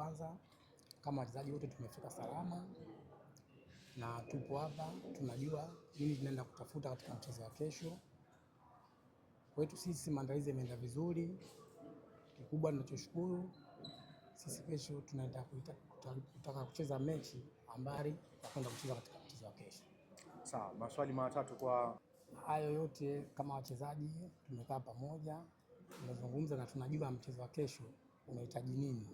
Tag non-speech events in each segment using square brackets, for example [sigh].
kwanza, kama wachezaji wote tumefika salama na tupo hapa, tunajua nini tunaenda kutafuta katika mchezo wa kesho. Kwetu sisi maandalizi yameenda vizuri, kikubwa tunachoshukuru sisi kesho tunaenda kutaka kucheza mechi ambari kwenda kucheza katika mchezo wa kesho. Sawa, maswali matatu kwa hayo yote. Kama wachezaji tumekaa pamoja, tumezungumza na tunajua mchezo wa kesho unahitaji nini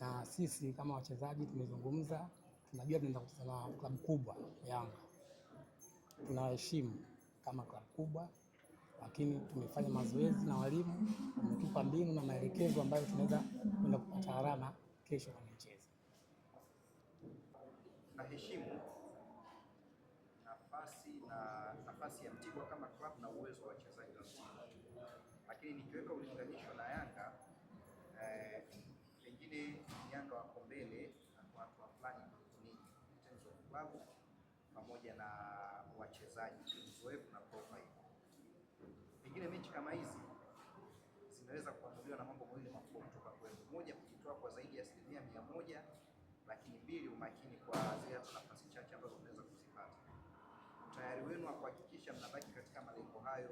na sisi kama wachezaji tumezungumza, tunajua tunaenda kucheza na klabu kubwa Yanga, tunaheshimu kama klabu kubwa, lakini tumefanya mazoezi na walimu, tumetupa mbinu na maelekezo ambayo tunaweza kwenda kupata alama kesho kwenye mchezo. Naheshimu nafasi na nafasi ya Mtibwa kama klabu na uwezo wa wachezaji wa Mtibwa, lakini klabu pamoja na wachezaji uzoefu na profile. Pengine mechi kama hizi zinaweza kuamuliwa na mambo mawili makubwa kutoka kwenu: moja, kujitoa kwa zaidi ya asilimia mia moja, lakini mbili, umakini kwa zile hata nafasi chache ambazo unaweza kuzipata. Utayari wenu wa kuhakikisha mnabaki katika malengo hayo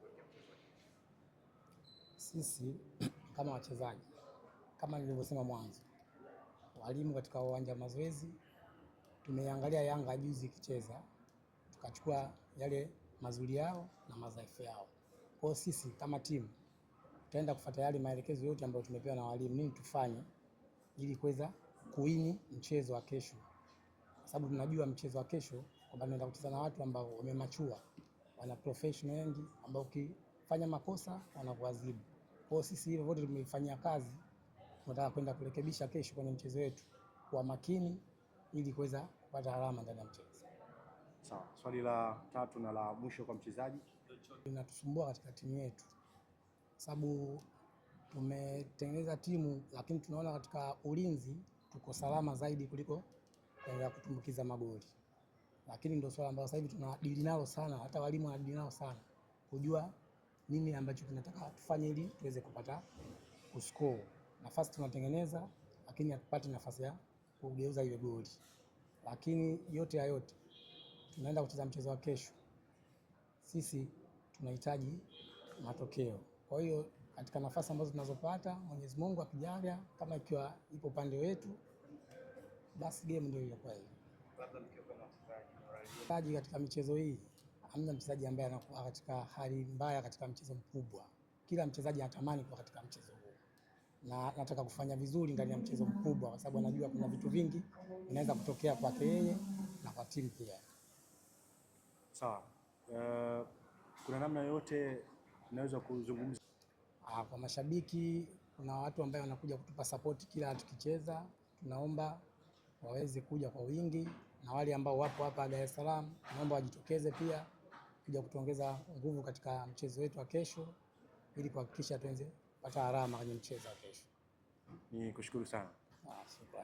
kuelekea mchezo. Sisi [clears throat] kama wachezaji, kama nilivyosema mwanzo, walimu katika uwanja wa mazoezi tumeangalia Yanga juzi ikicheza, tukachukua yale mazuri yao na madhaifu yao. Kwa sisi kama timu tutaenda kufuata yale maelekezo yote ambayo tumepewa na walimu, nini tufanye ili kuweza kuini mchezo wa kesho, kwa sababu tunajua mchezo wa kesho kwamba tunaenda kucheza na watu ambao wamemachua, wana professional wengi ambao ukifanya makosa wanakuadhibu. Kwa sisi hivyo vyote tumefanyia kazi, tunataka kwenda kurekebisha kesho kwenye mchezo wetu kwa makini ili kuweza kupata alama ndani ya mchezo. Sawa, swali la tatu na la mwisho kwa mchezaji, linatusumbua katika timu yetu sababu tumetengeneza timu lakini tunaona katika ulinzi tuko salama zaidi kuliko kuendelea kutumbukiza magoli, lakini ndio swala ambalo sasa hivi tunadili nalo sana, hata walimu wanadili nalo sana, kujua nini ambacho tunataka tufanye ili tuweze kupata kuscore. Nafasi tunatengeneza, lakini hatupati nafasi ya kugeuza ile goli. Lakini yote ya yote, tunaenda kucheza mchezo wa kesho, sisi tunahitaji matokeo. Kwa hiyo katika nafasi ambazo tunazopata, Mwenyezi Mungu akijalia, kama ikiwa ipo upande wetu, basi game ndio iliyokuwa hiyo. Mchezaji katika michezo hii, hamna mchezaji ambaye anakuwa katika hali mbaya katika mchezo mkubwa. Kila mchezaji anatamani kuwa katika mchezo na nataka kufanya vizuri ndani ya mchezo mkubwa, kwa sababu anajua kuna vitu vingi vinaweza kutokea kwake yeye na kwa timu pia. Sawa. Uh, kuna namna yoyote naweza kuzungumza uh, kwa mashabiki? Kuna watu ambao wanakuja kutupa sapoti kila tukicheza, tunaomba waweze kuja kwa wingi, na wale ambao wapo hapa Dar es Salaam naomba wajitokeze pia kuja kutuongeza nguvu katika mchezo wetu wa kesho, ili kuhakikisha tuenze pata alama kwenye mchezo wa kesho. Ni kushukuru sana. Ah,